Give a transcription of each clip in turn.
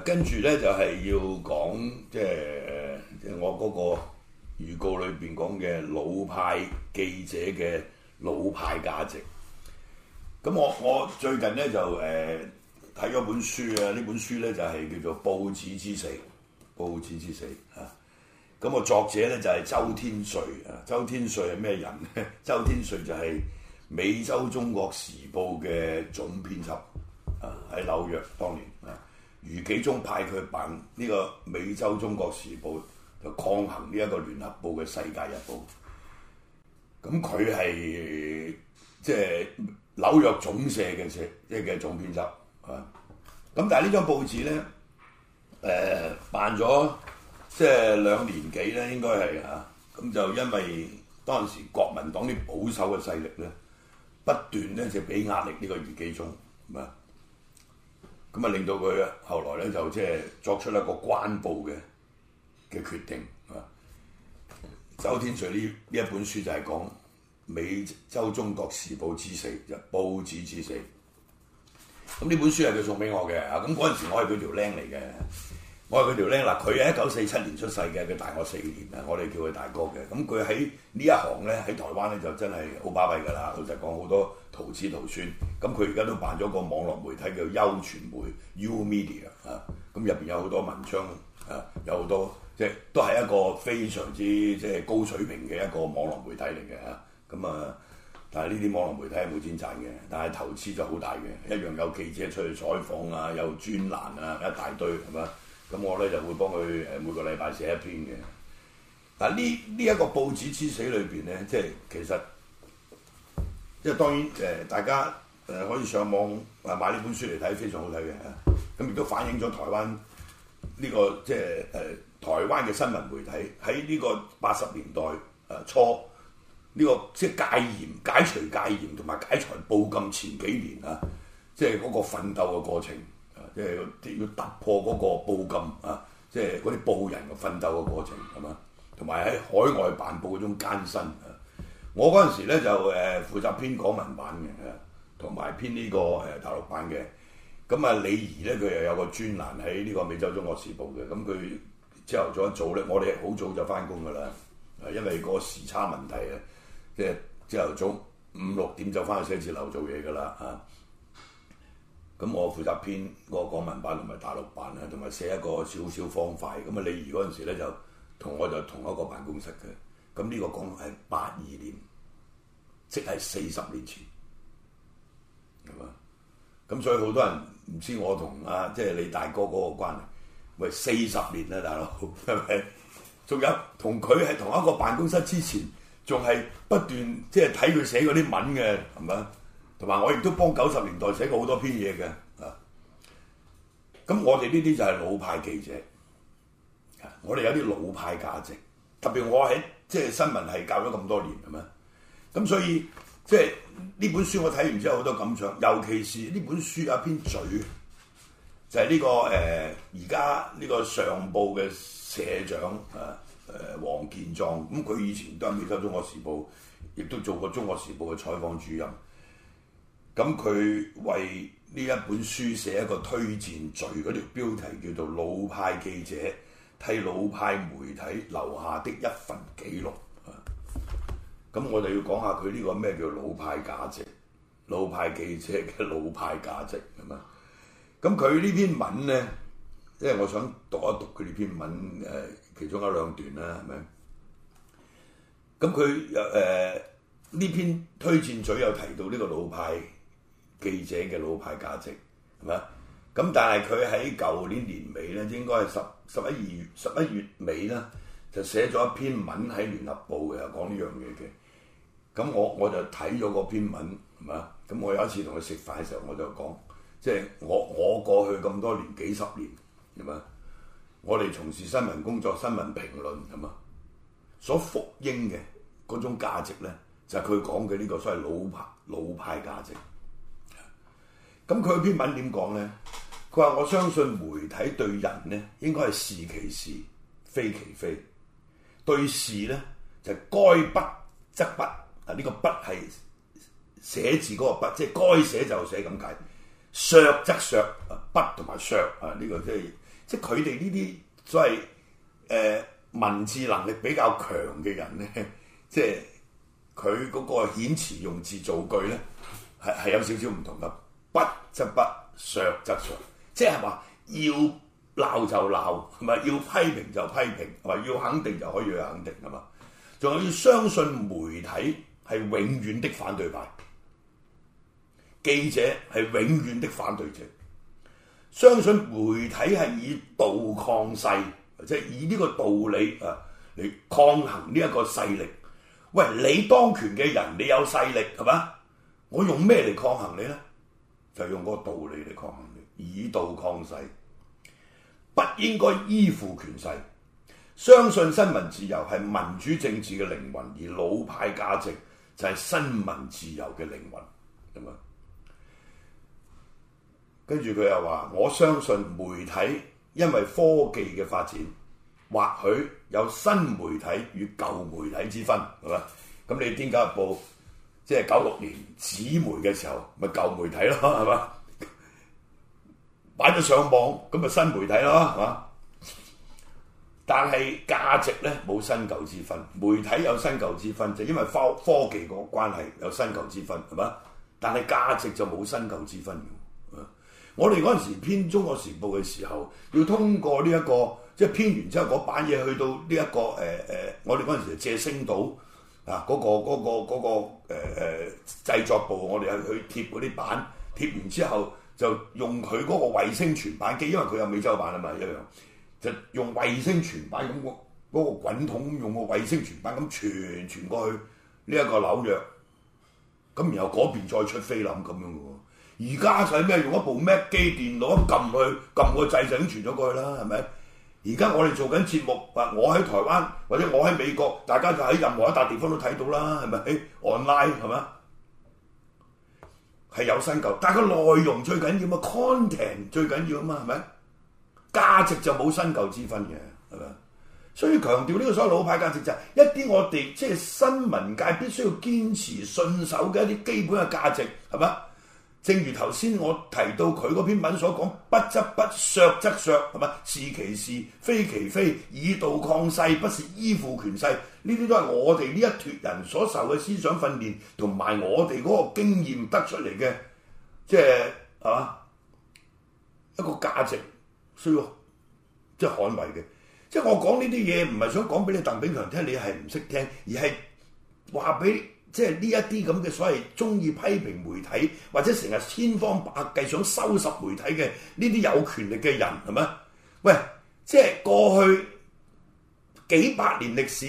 跟住咧就係要講，即係呃我嗰個預告裏邊講嘅老派記者嘅老派價值。咁我我最近咧就誒睇咗本書啊，呢本書咧就係叫做《報紙之死》，報紙之死嚇。咁個作者咧就係周天瑞啊。周天瑞係咩人咧？周天瑞就係美洲中國時報嘅總編輯啊，喺紐約當年。余紀中派佢辦呢個美洲中國時報，就抗衡呢一個聯合報嘅世界日報。咁佢係即係紐約總社嘅社，即係嘅總編輯、嗯、啊。咁但係呢張報紙咧，誒、呃、辦咗即係兩年幾咧，應該係啊。咁就因為當時國民黨啲保守嘅勢力咧，不斷咧就俾壓力呢個余紀中啊。咁啊令到佢啊，後來咧就即係作出一個關報嘅嘅決定啊。周天瑞呢呢一本書就係講美洲中國時報之死，就是、報紙之死。咁呢本書係佢送俾我嘅啊。咁嗰陣時我係佢條僆嚟嘅，我係佢條僆嗱。佢係一九四七年出世嘅，佢大我四年啊，我哋叫佢大哥嘅。咁佢喺呢一行咧喺台灣咧就真係好巴閉㗎啦。老實講好多。桃子桃孫，咁佢而家都辦咗個網絡媒體叫優傳媒 U Media 啊，咁入邊有好多文章啊，有好多即係都係一個非常之即係高水平嘅一個網絡媒體嚟嘅嚇，咁啊，但係呢啲網絡媒體係冇錢賺嘅，但係投資就好大嘅，一樣有記者出去採訪啊，有專欄啊，一大堆係嘛，咁我咧就會幫佢誒每個禮拜寫一篇嘅。但呢呢一個報紙之死裏邊咧，即係其實。即係當然誒，大家誒可以上網啊買呢本書嚟睇，非常好睇嘅。咁亦都反映咗台灣呢個即係誒台灣嘅新聞媒體喺呢個八十年代誒初呢個即係戒嚴解除戒嚴同埋解除報禁前幾年啊，即係嗰個奮鬥嘅過程啊，即係要突破嗰個報禁啊，即係嗰啲報人嘅奮鬥嘅過程係嘛，同埋喺海外辦報嗰種艱辛。我嗰陣時咧就誒負責編港聞版嘅，同埋編呢個誒大陸版嘅。咁啊李怡咧佢又有個專欄喺呢個美洲中國時報嘅。咁佢朝頭早一早咧，我哋好早就返工㗎喇，因為個時差問題啊，即係朝頭早五六點就返去寫字樓做嘢㗎喇啊。咁我負責編個港聞版同埋大陸版啊，同埋寫一個小小方塊。咁啊李怡嗰陣時咧就同我就同一個辦公室嘅。咁呢個講係八二年，即係四十年前，係嘛？咁所以好多人唔知我同阿即係你大哥嗰個關係，喂，四十年啦，大佬，係咪？仲有同佢係同一個辦公室之前，仲係不斷即係睇佢寫嗰啲文嘅，係咪？同埋我亦都幫九十年代寫過好多篇嘢嘅，啊！咁我哋呢啲就係老派記者，我哋有啲老派價值，特別我喺。即係新聞係教咗咁多年啊嘛，咁所以即係呢本書我睇完之後好多感想，尤其是呢本書啊篇序，就係、是、呢、呢個誒而家呢個上報嘅社長啊誒王健壯，咁、嗯、佢以前都係美洲做過《中國時報》，亦都做過《中國時報》嘅採訪主任。咁佢為呢一本書寫一個推薦序嗰條標題叫做老派記者。替老派媒體留下的一份記錄啊！咁我哋要講下佢呢個咩叫老派價值，老派記者嘅老派價值係咪？咁佢呢篇文咧，即係我想讀一讀佢呢篇文誒其中一兩段啦，係咪？咁佢又誒呢篇推薦嘴有提到呢個老派記者嘅老派價值係咪？咁但係佢喺舊年年尾咧，應該係十十一二月十一月尾咧，就寫咗一篇文喺聯合報嘅，講呢樣嘢嘅。咁我我就睇咗個篇文，係嘛？咁我有一次同佢食飯嘅時候，我就講，即係我我過去咁多年幾十年，係嘛？我哋從事新聞工作、新聞評論，係嘛？所服膺嘅嗰種價值咧，就係佢講嘅呢個所謂老派老派價值。咁佢篇文點講咧？佢話：我相信媒體對人咧，應該係是，是其是，非其非；對事咧，就該筆則筆。啊，呢個筆係寫字嗰個筆，即係該寫就寫咁解。削則削，筆同埋削啊！呢個即係即係佢哋呢啲所謂誒文字能力比較強嘅人咧，即係佢嗰個遣詞用字造句咧，係係有少少唔同噶。筆則筆，削則削。即係話要鬧就鬧，同埋要批評就批評，同埋要肯定就可以肯定啊嘛。仲要相信媒體係永遠的反對派，記者係永遠的反對者。相信媒體係以道抗勢，或者以呢個道理啊嚟、呃、抗衡呢一個勢力。喂，你當權嘅人，你有勢力係嘛？我用咩嚟抗衡你咧？就用嗰個道理嚟抗衡。以道抗勢，不應該依附權勢，相信新聞自由係民主政治嘅靈魂，而老派價值就係新聞自由嘅靈魂，明嘛？跟住佢又話，我相信媒體因為科技嘅發展，或許有新媒體與舊媒體之分，係嘛？咁你點解部，即係九六年紙媒嘅時候，咪舊媒體咯，係嘛？擺咗上網咁啊新媒體咯，係嘛？但係價值咧冇新舊之分，媒體有新舊之分，就是、因為科科技個關係有新舊之分，係嘛？但係價值就冇新舊之分嘅。我哋嗰陣時編《中國時報》嘅時候，要通過呢、這、一個即係、就是、編完之後嗰版嘢去到呢、這、一個誒誒、呃，我哋嗰陣時借星島啊、那、嗰個嗰、那個嗰、那個、那個呃、製作部，我哋係去貼嗰啲版貼完之後。就用佢嗰個衛星傳版機，因為佢有美洲版啊嘛一樣，就用衛星傳版咁，個嗰個滾筒，用個衛星傳版咁傳傳過去呢一個紐約，咁然後嗰邊再出菲林咁樣嘅喎。而家使咩，用一部 Mac 機電腦一撳去撳個掣就已經傳咗過去啦，係咪？而家我哋做緊節目，或我喺台灣或者我喺美國，大家就喺任何一笪地方都睇到啦，係咪？online 係咪？係有新舊，但係個內容最緊要嘛，content 最緊要啊嘛，係咪？價值就冇新舊之分嘅，係咪？所以強調呢個所謂老派價值就係一啲我哋即係新聞界必須要堅持信守嘅一啲基本嘅價值，係咪？正如頭先我提到佢嗰篇文所講，不執不削則削，係咪是，是其是，非其非，以道抗勢，不是依附權勢。呢啲都係我哋呢一撮人所受嘅思想訓練，同埋我哋嗰個經驗得出嚟嘅、即係啊哦即係，即係啊一個價值需要即係捍衞嘅。即係我講呢啲嘢，唔係想講俾你鄧炳強聽，你係唔識聽，而係話俾。即係呢一啲咁嘅所謂中意批評媒體，或者成日千方百計想收拾媒體嘅呢啲有權力嘅人，係咪？喂，即係過去幾百年歷史，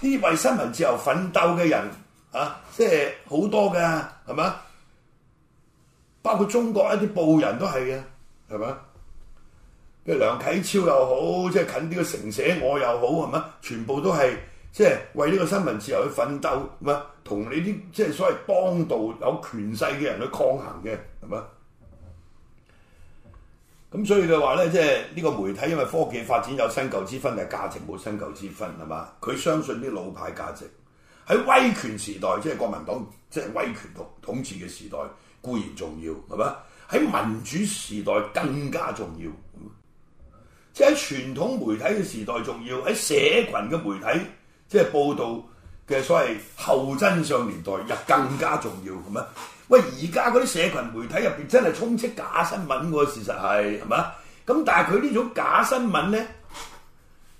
呢為新聞自由奮鬥嘅人啊，即係好多嘅，係咪？包括中國一啲報人都係嘅，係咪？即係梁啟超又好，即係近啲嘅成舍我又好，係咪？全部都係。即係為呢個新聞自由去奮鬥，啊，同你啲即係所謂當道有權勢嘅人去抗衡嘅，係咪？咁、嗯、所以嘅話咧，即係呢個媒體因為科技發展有新舊之分，但係價值冇新舊之分，係嘛？佢相信啲老派價值喺威權時代，即係國民黨即係威權同統治嘅時代固然重要，係咪？喺民主時代更加重要，即係喺傳統媒體嘅時代重要，喺社群嘅媒體。即係報道嘅所謂後真相年代，又更加重要咁啊！喂，而家嗰啲社群媒體入邊真係充斥假新聞喎，事實係係嘛？咁但係佢呢種假新聞咧，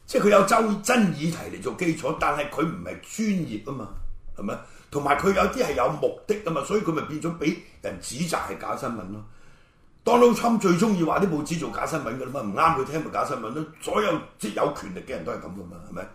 即係佢有周真議題嚟做基礎，但係佢唔係專業啊嘛，係咪？同埋佢有啲係有目的啊嘛，所以佢咪變咗俾人指責係假新聞咯。 Donald Trump 最中意話啲報紙做假新聞噶啦嘛，唔啱佢聽咪假新聞咯。所有即係有權力嘅人都係咁噶嘛，係咪？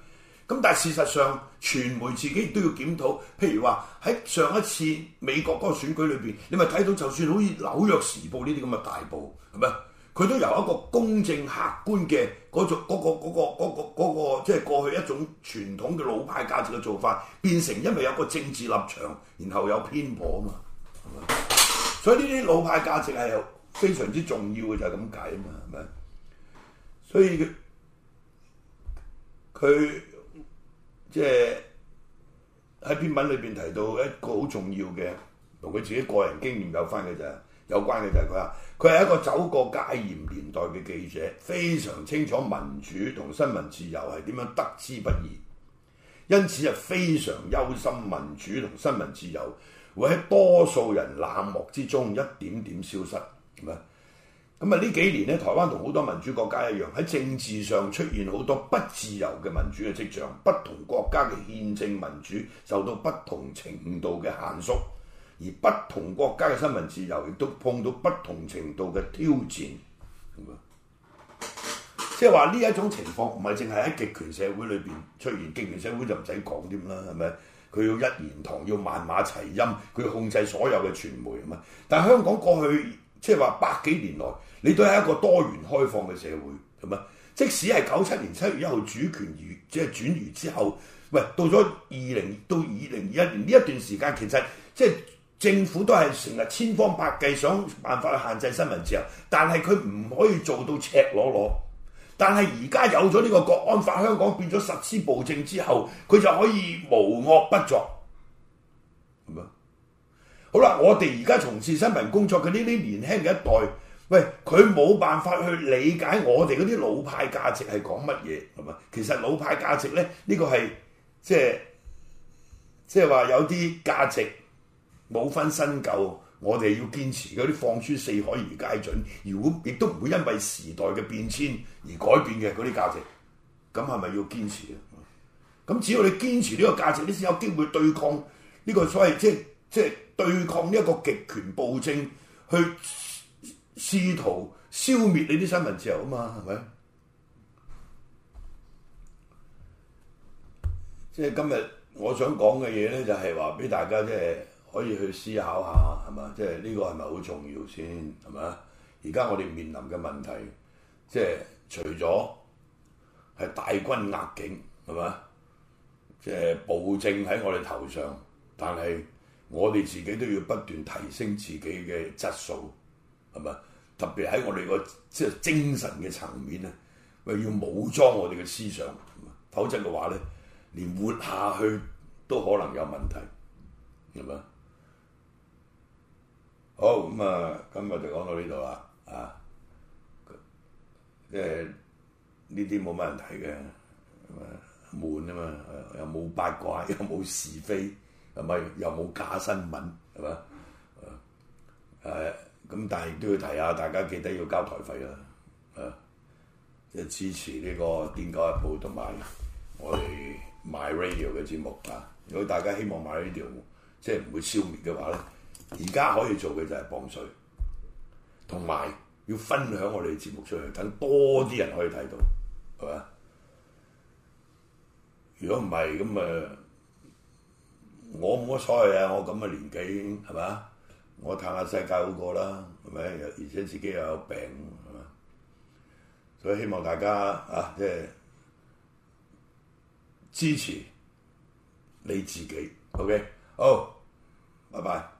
咁但係事實上，傳媒自己亦都要檢討。譬如話喺上一次美國嗰個選舉裏邊，你咪睇到就算好似紐約時報呢啲咁嘅大報，係咪？佢都由一個公正客觀嘅嗰種嗰個嗰個嗰個即係過去一種傳統嘅老派價值嘅做法，變成因為有個政治立場，然後有偏頗啊嘛，係嘛？所以呢啲老派價值係非常之重要嘅，就係咁解啊嘛，係咪？所以佢佢。即係喺篇文裏邊提到一個好重要嘅，同佢自己個人經驗有，有關嘅就係有關嘅就係佢話，佢係一個走過戒嚴年代嘅記者，非常清楚民主同新聞自由係點樣得之不易，因此啊非常憂心民主同新聞自由會喺多數人冷漠之中一點點消失，咁啊。咁啊！呢幾年咧，台灣同好多民主國家一樣，喺政治上出現好多不自由嘅民主嘅跡象，不同國家嘅憲政民主受到不同程度嘅限縮，而不同國家嘅新聞自由亦都碰到不同程度嘅挑戰。咁樣，即係話呢一種情況唔係淨係喺極權社會裏邊出現，極權社會就唔使講添啦，係咪？佢要一言堂，要萬馬齊喑，佢要控制所有嘅傳媒啊嘛。但係香港過去，即係話百幾年來，你都係一個多元開放嘅社會，係咪？即使係九七年七月一號主權移即係轉移之後，喂，到咗二零到二零二一年呢一段時間，其實即係政府都係成日千方百計想辦法去限制新聞自由，但係佢唔可以做到赤裸裸。但係而家有咗呢個國安法，香港變咗實施暴政之後，佢就可以無惡不作。好啦，我哋而家從事新聞工作嘅呢啲年輕嘅一代，喂，佢冇辦法去理解我哋嗰啲老派價值係講乜嘢，係嘛？其實老派價值咧，呢個係即係即係話有啲價值冇分新舊，我哋要堅持嗰啲放諸四海而皆準，如果亦都唔會因為時代嘅變遷而改變嘅嗰啲價值，咁係咪要堅持啊？咁只要你堅持呢個價值，你先有機會對抗呢個所謂即係即係。即即對抗呢一個極權暴政，去試圖消滅你啲新聞自由啊嘛，係咪？即係今日我想講嘅嘢咧，就係話俾大家即係可以去思考下，係咪？即係呢個係咪好重要先？係咪？而家我哋面臨嘅問題，即係除咗係大軍壓境，係咪？即係暴政喺我哋頭上，但係。我哋自己都要不斷提升自己嘅質素，係嘛？特別喺我哋個即係精神嘅層面咧，要武裝我哋嘅思想，否則嘅話咧，連活下去都可能有問題，係嘛？好咁、嗯、啊，今日就講到呢度啦，啊，即呢啲冇乜問題嘅，悶啊嘛，啊又冇八卦，又冇是非。係咪又冇假新聞？係嘛？誒咁，但係都要提下，大家記得要交台費啦。誒，即係支持呢個《點解日報》同埋我哋 MyRadio 嘅節目啊！如果大家希望 MyRadio，即係唔會消滅嘅話咧，而家可以做嘅就係磅水，同埋要分享我哋嘅節目出去，等多啲人可以睇到，係嘛？如果唔係咁誒。我冇乜所謂啊！我咁嘅年紀係嘛，我嘆下世界好過啦，係咪？而且自己又有病，係嘛，所以希望大家嚇、啊、即係支持你自己。OK，好，拜拜。